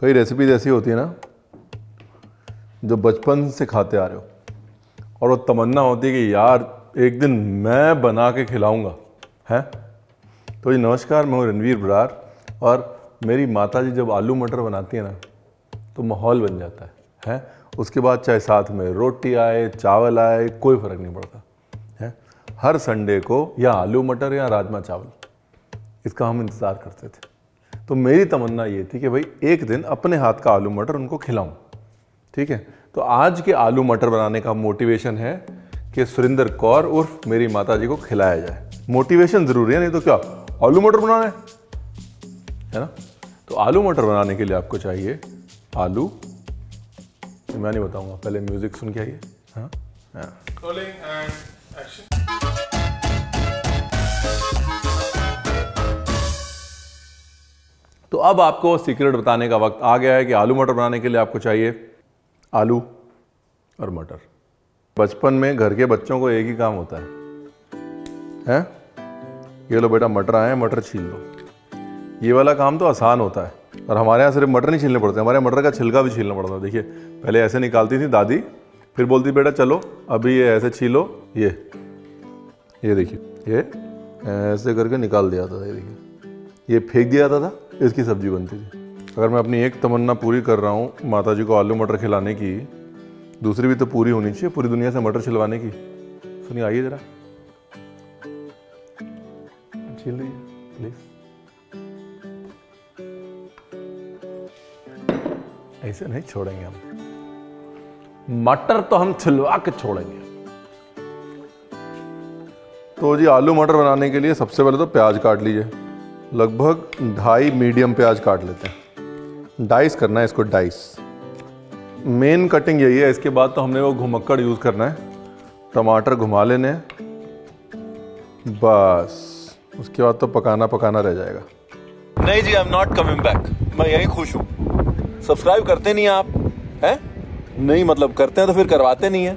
कई रेसिपीज ऐसी होती है ना जो बचपन से खाते आ रहे हो और वो तमन्ना होती है कि यार एक दिन मैं बना के खिलाऊंगा हैं तो जी नमस्कार मैं हूँ रणवीर बरार और मेरी माता जी जब आलू मटर बनाती है ना तो माहौल बन जाता है हैं उसके बाद चाहे साथ में रोटी आए चावल आए कोई फ़र्क नहीं पड़ता है हर संडे को या आलू मटर या राजमा चावल इसका हम इंतज़ार करते थे तो मेरी तमन्ना ये थी कि भाई एक दिन अपने हाथ का आलू मटर उनको खिलाऊं ठीक है तो आज के आलू मटर बनाने का मोटिवेशन है कि सुरेंद्र कौर उर्फ मेरी माता जी को खिलाया जाए मोटिवेशन ज़रूरी है नहीं तो क्या आलू मटर बनाना है है ना तो आलू मटर बनाने के लिए आपको चाहिए आलू मैं नहीं बताऊंगा पहले म्यूज़िक सुन के आइए हाँ हाँ तो अब आपको सीक्रेट बताने का वक्त आ गया है कि आलू मटर बनाने के लिए आपको चाहिए आलू और मटर बचपन में घर के बच्चों को एक ही काम होता है हैं ये लो बेटा मटर आए मटर छील लो ये वाला काम तो आसान होता है और हमारे यहाँ सिर्फ मटर नहीं छीलने पड़ते हमारे मटर का छिलका भी छीलना पड़ता है देखिए पहले ऐसे निकालती थी दादी फिर बोलती बेटा चलो अभी ये ऐसे छीलो ये ये देखिए ये ऐसे करके निकाल दिया था ये देखिए ये फेंक दिया था, था इसकी सब्जी बनती थी अगर मैं अपनी एक तमन्ना पूरी कर रहा हूँ माता जी को आलू मटर खिलाने की दूसरी भी तो पूरी होनी चाहिए पूरी दुनिया से मटर छिलवाने की सुनिए आइए ज़रा छील लीजिए प्लीज़ ऐसे नहीं छोड़ेंगे हम मटर तो हम छिलवा के छोड़ेंगे तो जी आलू मटर बनाने के लिए सबसे पहले तो प्याज काट लीजिए लगभग ढाई मीडियम प्याज काट लेते हैं डाइस करना है इसको डाइस मेन कटिंग यही है इसके बाद तो हमने वो घुमक्कड़ यूज़ करना है टमाटर घुमा लेने बस उसके बाद तो पकाना पकाना रह जाएगा नहीं जी I am not coming back मैं यही खुश हूँ सब्सक्राइब करते नहीं आप हैं नहीं मतलब करते हैं तो फिर करवाते नहीं हैं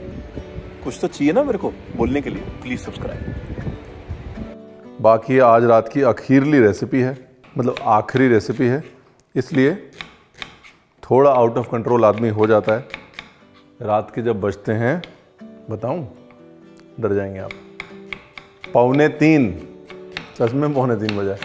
कुछ तो चाहिए ना मेरे को बोलने के लिए प्लीज़ सब्सक्राइब बाकी आज रात की अखीरली रेसिपी है मतलब आखिरी रेसिपी है इसलिए थोड़ा आउट ऑफ कंट्रोल आदमी हो जाता है रात के जब बजते हैं बताऊं डर जाएंगे आप पौने तीन सच में पौने तीन बजाय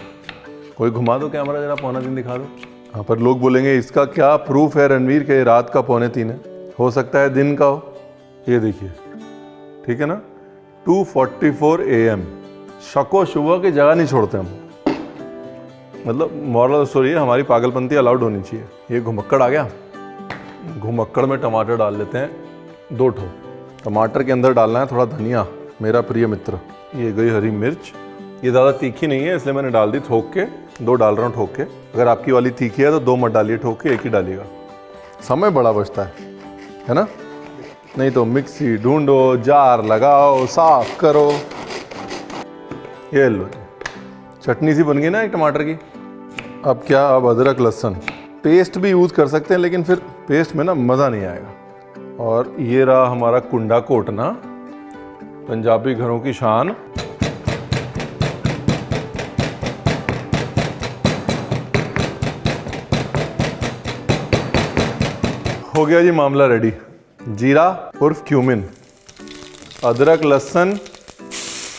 कोई घुमा दो कैमरा जरा पौने तीन दिखा दो हाँ पर लोग बोलेंगे इसका क्या प्रूफ है रणवीर के रात का पौने तीन है हो सकता है दिन का हो ये देखिए ठीक है ना 2:44 फोर्टी फोर ए एम शक व की जगह नहीं छोड़ते हम मतलब मॉरल स्टोरी है हमारी पागलपंती अलाउड होनी चाहिए ये घुमक्कड़ आ गया घुमक्कड़ में टमाटर डाल लेते हैं दो ठो टमाटर के अंदर डालना है थोड़ा धनिया मेरा प्रिय मित्र ये गई हरी मिर्च ये ज़्यादा तीखी नहीं है इसलिए मैंने डाल दी ठोक के दो डाल रहा हूँ ठोक के अगर आपकी वाली तीखी है तो दो मत डालिए ठोक के एक ही डालिएगा समय बड़ा बचता है है ना नहीं तो मिक्सी ढूंढो जार लगाओ साफ करो ये लो चटनी सी बन गई ना एक टमाटर की अब क्या अब अदरक लहसन पेस्ट भी यूज़ कर सकते हैं लेकिन फिर पेस्ट में ना मज़ा नहीं आएगा और ये रहा हमारा कुंडा कोटना पंजाबी घरों की शान हो गया जी मामला रेडी जीरा उर्फ क्यूमिन अदरक लहसन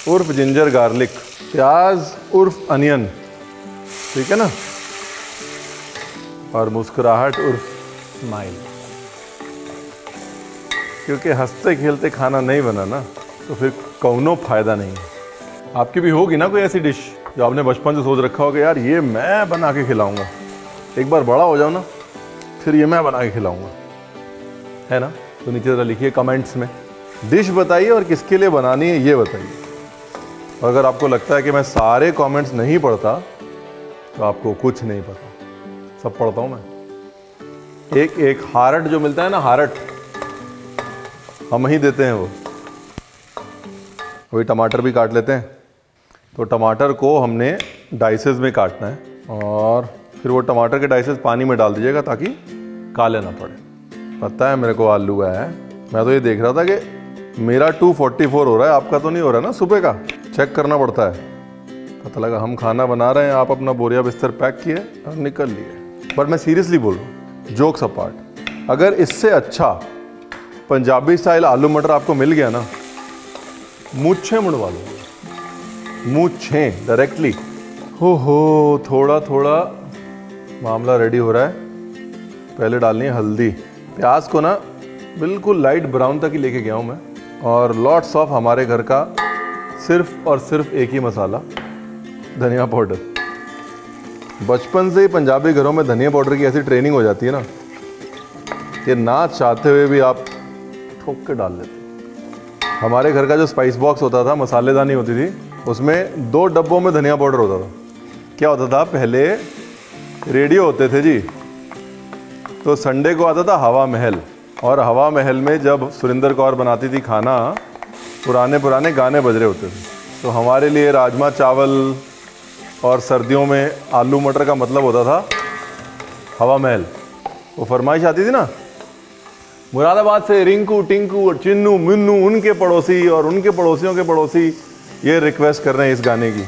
उर्फ जिंजर गार्लिक प्याज उर्फ अनियन ठीक है ना और मुस्कुराहट उर्फ स्माइल क्योंकि हंसते खेलते खाना नहीं बना ना तो फिर कौनों फायदा नहीं आपकी भी होगी ना कोई ऐसी डिश जो आपने बचपन से सोच रखा होगा यार ये मैं बना के खिलाऊंगा एक बार बड़ा हो जाओ ना फिर ये मैं बना के खिलाऊंगा है ना तो नीचे ज़रा लिखिए कमेंट्स में डिश बताइए और किसके लिए बनानी है ये बताइए और अगर आपको लगता है कि मैं सारे कमेंट्स नहीं पढ़ता तो आपको कुछ नहीं पता सब पढ़ता हूँ मैं एक एक हारट जो मिलता है ना हारट हम ही देते हैं वो वही टमाटर भी काट लेते हैं तो टमाटर को हमने डाइसेस में काटना है और फिर वो टमाटर के डाइसेस पानी में डाल दीजिएगा ताकि काले ना पड़े पता है मेरे को आलू है मैं तो ये देख रहा था कि मेरा 244 हो रहा है आपका तो नहीं हो रहा ना सुबह का चेक करना पड़ता है पता लगा हम खाना बना रहे हैं आप अपना बोरिया बिस्तर पैक किए और निकल लिए बट मैं सीरियसली बोलूँ जोक्स अपार्ट अगर इससे अच्छा पंजाबी स्टाइल आलू मटर आपको मिल गया ना मूछे मुड़वा लो मूछे डायरेक्टली हो हो थोड़ा थोड़ा मामला रेडी हो रहा है पहले डालनी है हल्दी प्याज को ना बिल्कुल लाइट ब्राउन तक ही लेके गया हूँ मैं और लॉट्स ऑफ हमारे घर का सिर्फ और सिर्फ एक ही मसाला धनिया पाउडर बचपन से ही पंजाबी घरों में धनिया पाउडर की ऐसी ट्रेनिंग हो जाती है ना कि ना चाहते हुए भी आप ठोक के डाल लेते हमारे घर का जो स्पाइस बॉक्स होता था मसालेदानी होती थी उसमें दो डब्बों में धनिया पाउडर होता था क्या होता था पहले रेडियो होते थे जी तो संडे को आता था हवा महल और हवा महल में जब सुरेंद्र कौर बनाती थी खाना पुराने पुराने गाने बज रहे होते थे तो हमारे लिए राजमा चावल और सर्दियों में आलू मटर का मतलब होता था हवा महल वो फरमाइश आती थी ना मुरादाबाद से रिंकू टिंकू और चिन्नू मिन्नू उनके पड़ोसी और उनके पड़ोसियों के पड़ोसी ये रिक्वेस्ट कर रहे हैं इस गाने की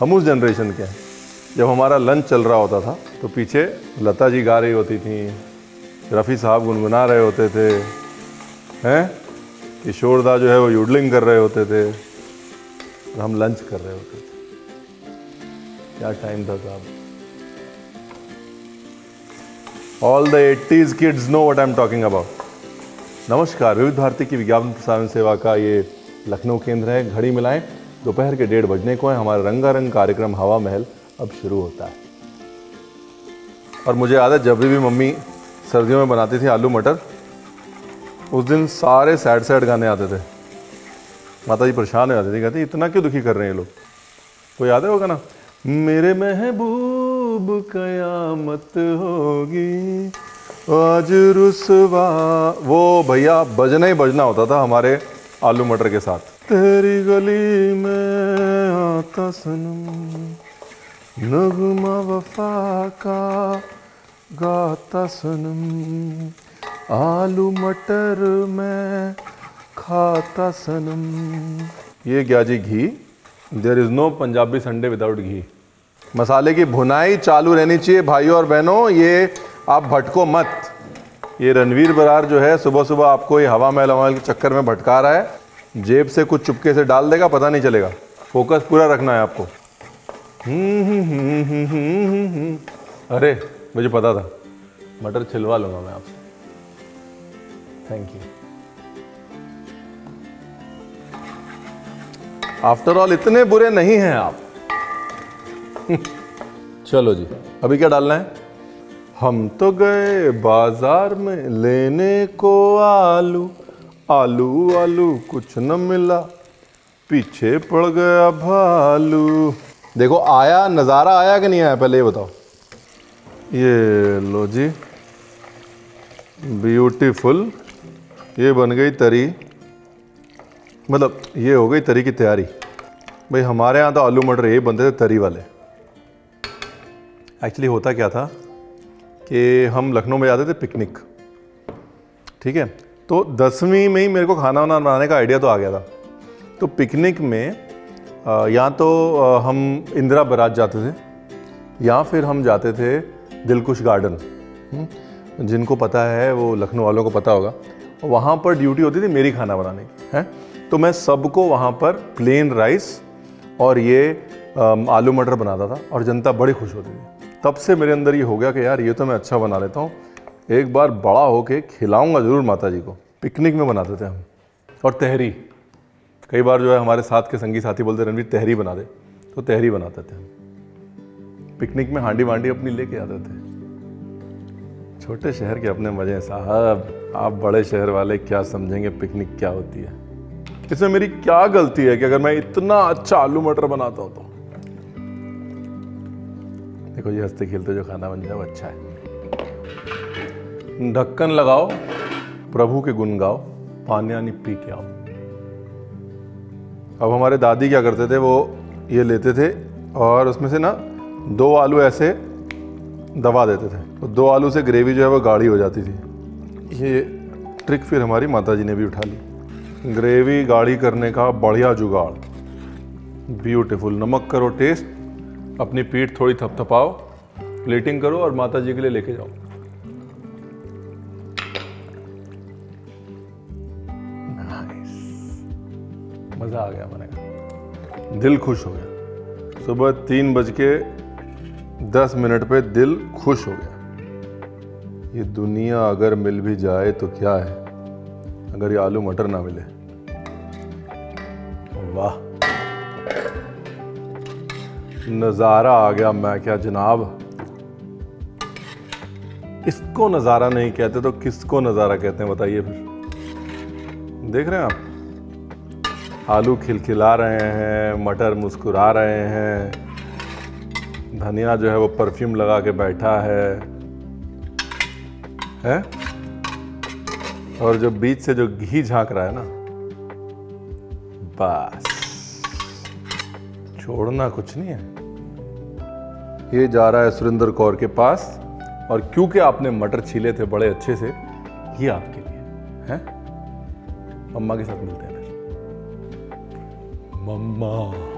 हम उस जनरेशन के हैं जब हमारा लंच चल रहा होता था तो पीछे लता जी गा रही होती थी रफ़ी साहब गुनगुना रहे होते थे हैं किशोरदा जो है वो यूडलिंग कर रहे होते थे और हम लंच कर रहे होते थे क्या टाइम था साहब all the eighties kids know what I am talking about नमस्कार विविध भारती की विज्ञापन प्रसारण सेवा का ये लखनऊ केंद्र है घड़ी मिलाएं दोपहर के डेढ़ बजने को है हमारा रंगारंग कार्यक्रम हवा महल अब शुरू होता है और मुझे याद है जब भी मम्मी सर्दियों में बनाती थी आलू मटर उस दिन सारे सैड सैड गाने आते थे माता जी परेशान हो जाती थी कहती इतना क्यों दुखी कर रहे हैं ये लोग कोई याद है वो गाना मेरे महबूब कयामत होगी आज रुसवा वो भैया बजना ही बजना होता था हमारे आलू मटर के साथ तेरी गली में आता सनम नगमा वफा का गाता सनम आलू मटर में खाता सनम ये क्या जी घी there is no Punjabi Sunday without ghee मसाले की भुनाई चालू रहनी चाहिए भाइयों और बहनों ये आप भटको मत ये रणवीर बरार जो है सुबह सुबह आपको ये हवा महल हवा के चक्कर में भटका रहा है जेब से कुछ चुपके से डाल देगा पता नहीं चलेगा फोकस पूरा रखना है आपको हम्म, हम्म, हम्म, अरे मुझे पता था मटर छिलवा लूँगा मैं आपसे थैंक यू आफ्टर ऑल इतने बुरे नहीं हैं आप चलो जी अभी क्या डालना है हम तो गए बाजार में लेने को आलू आलू आलू कुछ न मिला पीछे पड़ गया भालू देखो आया नज़ारा आया कि नहीं आया पहले ये बताओ ये लो जी ब्यूटीफुल ये बन गई तरी मतलब ये हो गई तरी की तैयारी भाई हमारे यहाँ तो आलू मटर ये बनते थे तरी वाले एक्चुअली होता क्या था कि हम लखनऊ में जाते थे पिकनिक ठीक है तो दसवीं में ही मेरे को खाना वाना बनाने का आइडिया तो आ गया था तो पिकनिक में या तो हम इंदिरा बराज जाते थे या फिर हम जाते थे दिलकुश गार्डन हम्म, जिनको पता है वो लखनऊ वालों को पता होगा वहाँ पर ड्यूटी होती थी मेरी खाना बनाने की है तो मैं सबको वहाँ पर प्लेन राइस और ये आलू मटर बनाता था और जनता बड़ी खुश होती थी तब से मेरे अंदर ये हो गया कि यार ये तो मैं अच्छा बना लेता हूँ एक बार बड़ा होके खिलाऊंगा ज़रूर माता जी को पिकनिक में बनाते थे हम और तहरी कई बार जो है हमारे साथ के संगी साथी बोलते रणवीर तहरी बना दे तो तहरी बनाते थे हम पिकनिक में हांडी वांडी अपनी लेके आते थे छोटे शहर के अपने मज़े हैं साहब आप बड़े शहर वाले क्या समझेंगे पिकनिक क्या होती है इसमें मेरी क्या गलती है कि अगर मैं इतना अच्छा आलू मटर बनाता हूँ तो देखो ये हंसते खेलते जो खाना बन जाए वो अच्छा है ढक्कन लगाओ प्रभु के गुण गाओ पानी आनी पी के आओ अब हमारे दादी क्या करते थे वो ये लेते थे और उसमें से ना दो आलू ऐसे दबा देते थे तो दो आलू से ग्रेवी जो है वो गाढ़ी हो जाती थी ये ट्रिक फिर हमारी माता जी ने भी उठा ली ग्रेवी गाढ़ी करने का बढ़िया जुगाड़ ब्यूटीफुल नमक करो टेस्ट अपनी पीठ थोड़ी थपथपाओ प्लेटिंग करो और माता जी के लिए लेके जाओ मज़ा आ गया मैंने दिल खुश हो गया सुबह तीन बज के दस मिनट पे दिल खुश हो गया ये दुनिया अगर मिल भी जाए तो क्या है अगर ये आलू मटर ना मिले वाह नज़ारा आ गया मैं क्या जनाब इसको नज़ारा नहीं कहते तो किसको नज़ारा कहते हैं बताइए फिर देख रहे हैं आप आलू खिलखिला रहे हैं मटर मुस्कुरा रहे हैं धनिया जो है वो परफ्यूम लगा के बैठा है है और जो बीच से जो घी झांक रहा है ना बस छोड़ना कुछ नहीं है ये जा रहा है सुरेंद्र कौर के पास और क्योंकि आपने मटर छीले थे बड़े अच्छे से ये आपके लिए है मम्मा के साथ मिलते हैं मम्मा